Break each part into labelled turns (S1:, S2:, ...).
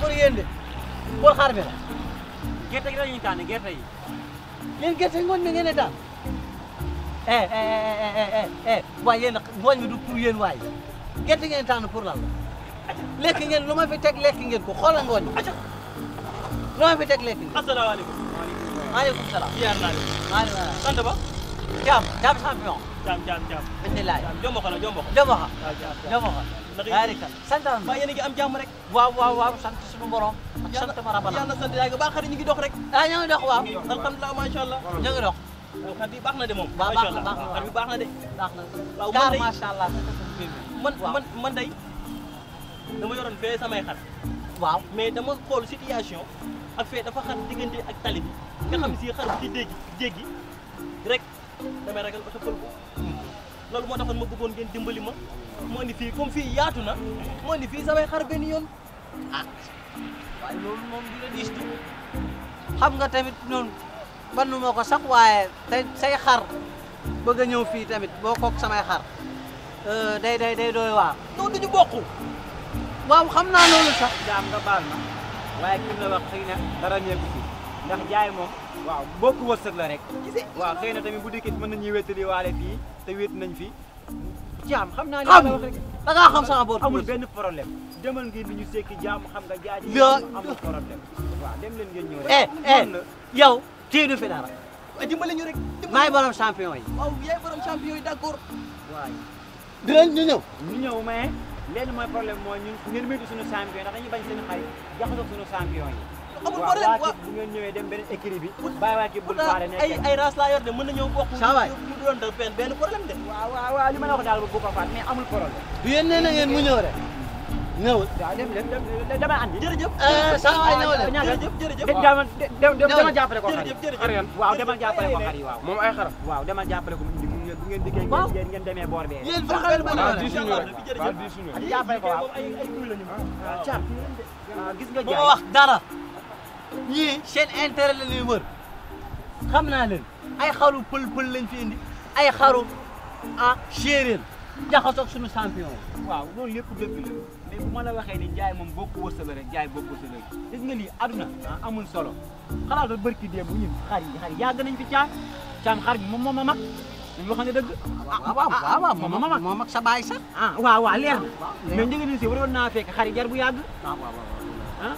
S1: pour yéen de bool xaar bi la. gerte gi la ñuy tànn gerte yi. yéen gerte ngooñ mi ngeen di tànn. Eh eh eh, eh eh eh waaye yéen ngooñ mi du pour yéen waaye gerte ngeen di tànn pour lan la. lekk ngeen lu ma fi teg lekk ngeen ko xoolal ngooñ mi. lu ma bi teg lekk ngeen. asalaamaaleykum. maaleykum salaam. ziar naa leen. maaleykum salaam. sant ba. jaam jaam jombo ko la jombo ko. jombo ko. baarikal santal ma yéen a ngi am jàmm rek waaw waaw waaw sant suñu borom ak sant ma rabana yàlla sant yaa ngi baax xarit ñu ngi dox rek ah ñoo ngi dox waaw alhamdulilah macha allah ñoo ngi dox xar baax na de moom macha allah xar bi baax na de baax na waaw man day macha allah man dama yoroon fee samay xar waaw mais dama xool situation ak fee dafa xar diggante ak tali bi nga xam si xar bi ci déggi jéggi rek damay ragal ba sa ko loolu moo taxoon ma bëggoon ngeen dimbali ma ma indi fii comme fii yaatu na ma indi fii samay xar benn yoon ah waaye loolu moom dina diis tu xam nga tamit noonu bannu ma ko sax waaye tey say xar bëgg a ñëw fii tamit boo kook samay xar euh, day day day dooy waar noonu duñu bokk waaw xam naa loolu sax jaam nga baal ma waaye ki la wax dara ñeeku ci ndax jaay moom waaw boo bokk wërsëg la rek waaw xëy na tamit bu dikkit mën nañuy wéttali waale fii te wét nañ fi jaam xam naa li ma la wax rek da ngaa xam sama bopp amul benn problème demal ngeen di ñu sekki jaam xam nga jaay ci amul dem leen ngeen eh, eh, yow téye du fi dara dimbali ñu rek maay borom champion yi waaw yaay borom champion yi d'accord waay dinañ ñu ñëw ñu ñëw mais lenn mooy problème mooy ñun ngeen métu suñu champion yi ndax yi amul problème waaw bu ngeen ñëwee dem beneen écrit bi. bàyyi waay ki bul faale nekk ay ay race laa yor de mën nañoo bokk. saa waay mu doon def benn benn problème de. waaw waaw waaw li ma la wax daal bu ko faat mais amul problème. du yéen nee na ngeen mu ñëw rek. ñëwul waaw dem dem dem dama andi. jërëjëf eh, saa waay ñëw leen jërëjëf jërëjëf. waaw dama dama jàppale ko xar yi jërëjëf waaw dama jàppale ko xar yi waaw. moom ay xaram waaw dama jàppale ko bu ngeen dikkee ngeen ngeen demee boor bee. yéen foo xam ne bañ a la jàppale ko waaw. waaw gis nga jaay. bu ma wax dara. ñii seen intérêt la ñuy wër xam naa leen ay xaru pël-pël lañ fi indi ay xaru ah séeréer jaxasoo sunu suñu champion. waaw loolu lépp dëgg la mais bu ma ni jaay moom bokku wërsëg rek jaay bokku wërsëg rek gis lii aduna ah, amul solo xalaata barki démb ñun xar yi xar yàgg nañ fi caam caam xar bi moom moo ma mag dañu waxante dëgg. Ah, ah waaw waaw waaw moom moo ma mag sa baay sax. ah waaw waaw leer na ah, mais naa fekk xar yi jar bu yàgg. ah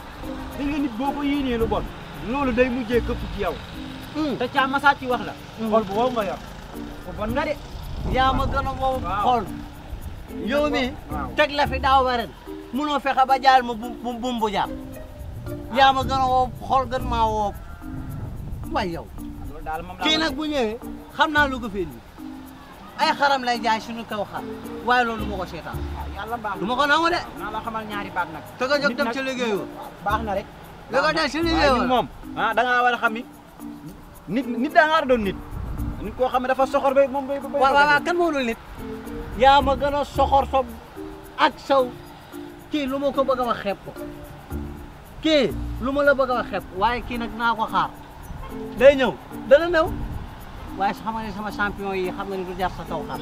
S1: li nga nit boo ko yéenee lu bon loolu day mujjee këpp ci yow. Hmm. te caama saa ci wax la. Hmm. xol gën a wow xol. yow mi teg la fi daaw ba ren munoo fexe ba jaal ma bu gën a wow xol gën maa wow waay yow. Ah, kii nag bu ñëwee xam naa lu ko ay xaram lay jaay suñu kaw xar waaye loolu moo ko seetaan. yàlla baax na du ma ko nangu de. naa xamal ñaari baat nag. te nga jóg dem ci liggéeyu. baax na rek. da nga dem ci moom ah da war a xam ni nit nit daa ngaa doon nit. nit koo xam ne dafa soxor ba moom bay bay. waaw waaw kan moo dul nit. yaa ma gën a soxor sa ak saw kii lu ma ko bëgg a wax xeeb ko kii lu ma la bëgg a wax xeeb waaye kii nag naa ko xaar ñëw dana ñëw. waaye su xamal ne sama champion yi xam nga ni du jar sa kaw xam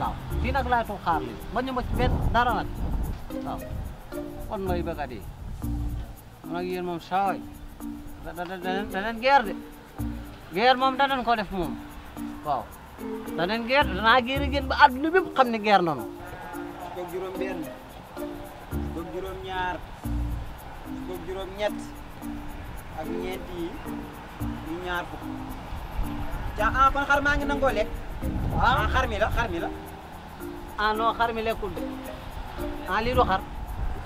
S1: waaw nag laa toog xaar leen ba ñu ma ci benn dara nag waaw kon mooy bëggat yi nag moom saway da da daneen geer de geer moom daneen ko def moom waaw daneen geer danaa geer a géen ba àdduna bépp xam ne geer nanu koog juróom benn koog juróom ñaar koog juróom ñett yi ñaar fukk ja ah kon xar maa ngi nangoo lekk. Ah, xar mi la xar mi la. ah xar mi lekkul de ah lii du xar.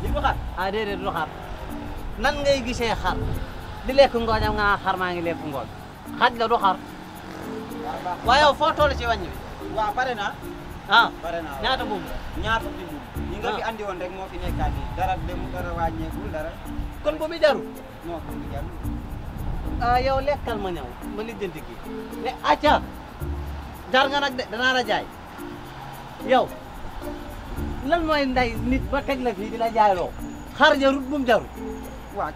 S1: lii du xar ah déedéet du xar. nan ngay gisee xar di lekk ngooñam xar maa ngi lekk ngooñ xaj la du xar. waaw yow foo toll ci wàññi bi. waaw pare naa. ah pare naa ñaata mbuum la ñaata mbuum. ñi ah. andi woon rek moo fi nekkaat dara dem dara bu mi jarul. ah yow lekkal ma ñëw ma lijjanti kii ne acca jar nga nag de danaa la jaay yow lan mooy nday nit ba teg la fii di la jaayloo xar jarut bu jarut waa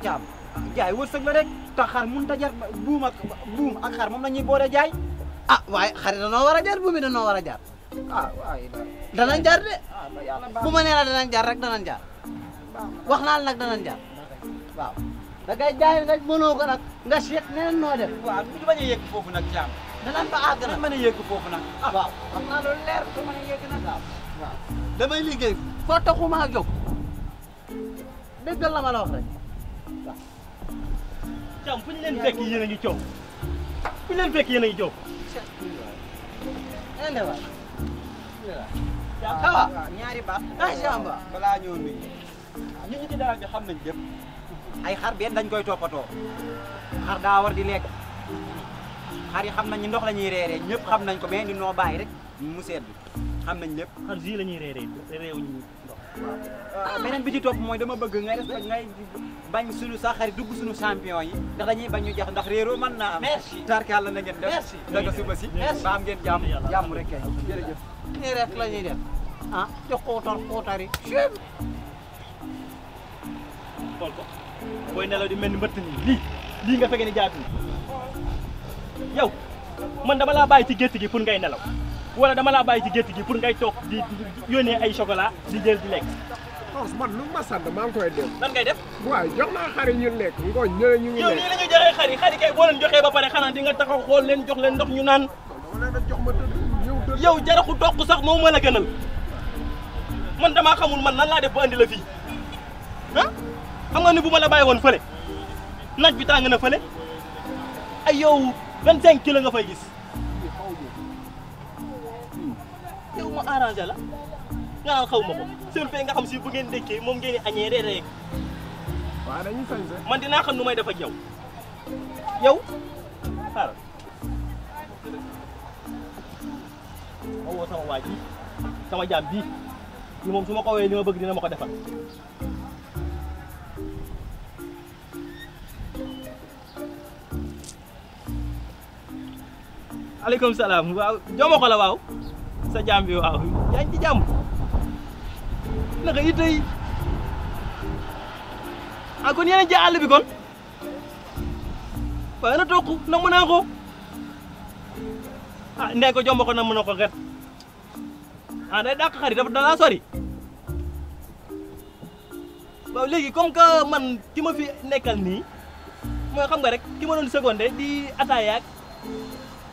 S1: jaay wërsëg la rek te xar mun ta jar buum ak buum ak xar moom la ñuy boole jaay a waaye xar danoo war a jar buum yi danoo war a jar ah waaye danañ jar de ah, bu ma nee jar rek danañ jar wax naa la nag danañ jar da ngay jaay nga mënoo ko nag nga seet neneen noo def. du ñu bañ a yegg foofu nag jaam. danañ fa àgg nag mën a foofu nag. ah waaw xam naa loolu leer ko mën damay liggéey foo taxuma yow la ma la wax rek waaw. fu ñu fekk yéen a fu ñu fekk yéen a ngi coow. inde waay. waaw waaw ñaari baat. macha allah ñu ci daal bi xam nañ ay xar benn dañ koy toppatoo xar daa war di lekk xar yi xam nañ ni ndox la ñuy reeree ñëpp xam nañ ko mais noo bàyyi rek mu sedd xam nañ lépp. xar la ñuy reeree reewuñu ndox. Ah, beneen bi ci topp mooy dama bëgg ngay respect bañ suñu sax xarit dugg suñu champion yi ndax dañuy bañ ñu jax ndax réeroo mën naa am. merci tarkaal la na ngeen def. merci dëgg suba si. ba am ngeen jàmm jàmm rek kay jërëjëf. nii rek la ñuy def ah te xóotar ko. booy nelaw di mel ni mbëtt nii lii lii nga fekkee ni jaatu yow man dama laa bàyyi ci gétt gi pour ngay nelaw wala dama laa bàyyi ci gétt gi pour ngay toog di yónnee ay chocolat di jël di lekk. non man lu ma sant maa ngi koy def. lan ngay def. waaw jox naa xar yi ñu lekk ngooñ ñëwee ñu ngi lekk. yow nii la ñu joxee xar yi xar yi kay boo leen joxee ba pare xanaa di nga taxaw xool leen jox leen ndox ñu naan. yow jaraxu toq sax moo mën a gënal man damaa xamul man nan laa def ba andi la fii xam nga ni bu ma la bàyyi won fële naaj bi tàng na fële ay yow 25 kilo nga fay gis yow ma arrangé la nga naan xaw ma seen fee nga xam si bu ngeen dëkkee moom ngeen di añee man dinaa xam nu may def ak yow yow xaaral ma woo sama waa sama jaam bii moom su ma ko woowee li ma bëgg dina ma defal aleykum salaam waaw jooma ko la waaw sa jaam bi waaw yaa ngi ci yi ah kon yéen a ngi ci àll bi kon waaye na toog na mën naa ko ah nee ko jomba na mën na ko xet ah day dàq xarit dafa dalaa sori waaw léegi comme que man ki ma fi nekkal nii mooy xam nga rek ki ma doon secondé di ataayaak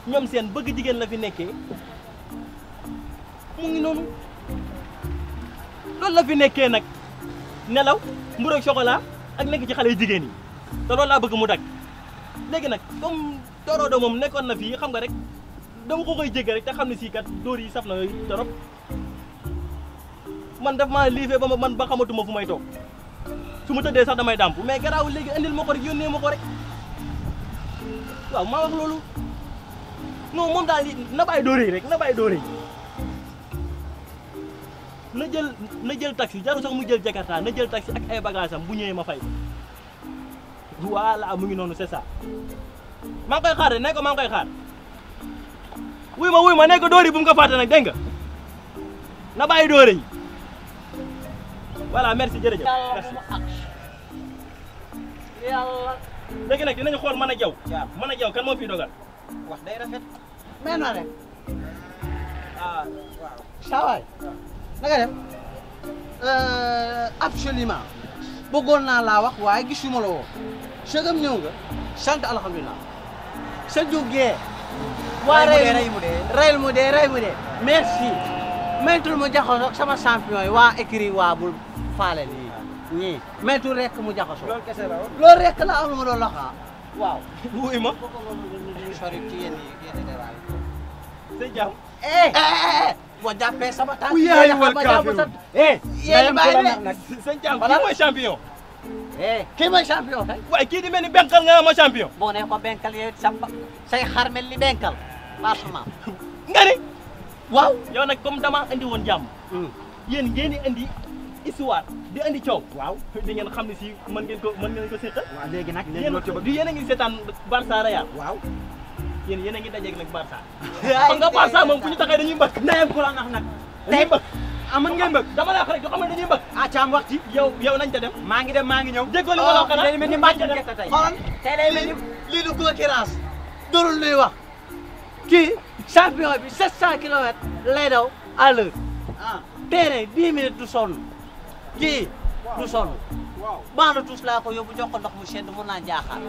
S1: ñoom seen bëgg jigéen la fi nekkee mu ngi noonu loolu la fi nekkee nag nelaw mburu ak chocolat ak nekk ci xale yu jigéen yi te bëgg mu dagg léegi nag comme Dorado moom nekkoon na fii xam nga rek dama ko koy jéggi rek te xam ne sii kat dóor yi saf na torop man daf maa liifee ba ma man ba xamatuma fu may toog su tëddee sax damay dàmp mais garaawul léegi indil ma ko rek yónnee ma ko rek waaw maa wax loolu. non moom daal na bàyyi dóor yi rek na bàyyi dóor jël na jël taxi jaru sax mu jël jakarta na jël taxi ak ay bagages am bu ñëwee ma fay voilà mu ngi noonu c'est ça maa ko maa wuy ma wuy ma ne ko yi bu mu ko fàtte nag dégg nga na bàyyi dóor yi voilà merci jërëjëf merci yàlla léegi nag dinañu xool mën a jaw mën a jaw kan moo fi dogal wax day rafet. mais na rek. ah waaw. saa na eh, laa wax waa gisuma la woo. sëgam ñëw nga. sant alhamdulilah. sa jógee. waa rey mu dee rey mu dee rey mu dee. mu jaxasoo ak sama champion waa écrit waa bul faale lii ñii maytul rek mu jaxasoo. loolu rek la am lu ma ah. waaw. wuy ma. ñu sori ci yéen yéen déraay sëñ Diaw eh boo jàppee sama tànk yéen ma jàpp sa eh yéen bàyyi nag sëñ Diaw kii mooy champion eh kii mooy champion kay waaye kii di mel eh, ni benkal nga ma champion boo ne ko benkal yow sa say xar mel ni benkal parfaitement nga ni waaw yow nag comme dama andi woon jàmm yéen ngeen di andi histoire di andi coow. waaw di ngeen xam ne si mën ngeen ko mën ngeen ko seetal. waaw léegi nag léegi loolu ci bëgg yéen waaw yéen yéen a ngi dajeeg nag Barça.
S2: xam nga Barça moom
S1: bu ñu taxee dañuy mbëkk. ndeyam ku la nax nag. dañuy mbëkk ah mën ngeen mbëkk. dama la wax rek yoo xam ne dañuy ah, wax ci yow yow nañ ta dem. maa ngi dem maa ngi ñëw. déggoo li ma la wax dana oh, mel ni mbàcc gerte tey. xoolal tey day mel ni lii du concurrence. lay daw à l'heure. ah terrain 10 minutes du sonn kii du sonn. baanu tuus laa ko bu jox ko ndox mu sedd mun naa jaaxaar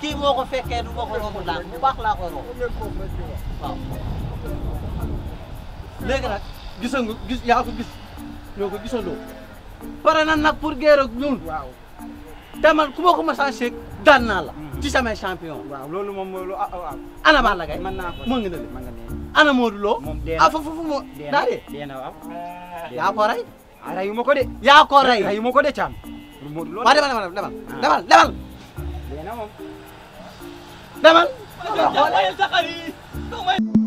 S1: kii moo ko fekkee du ma ko romb daan bu baax laa koy romb waaw léegi nag gisa nga gis yaa ko gis ñoo ko gisandoo pare na nag pour guerre ak ñun waaw te man ku ma ko mos a seeg daan naa la mm-hmm. ci samay champion waaw loolu moom mooy lu ah, ana Balla Gaye ko mën Lo ah yaa ko mo ah, reyuma ko de yaa ko rey reyuma ko de caam waaw demal demal demal demal demal. demal.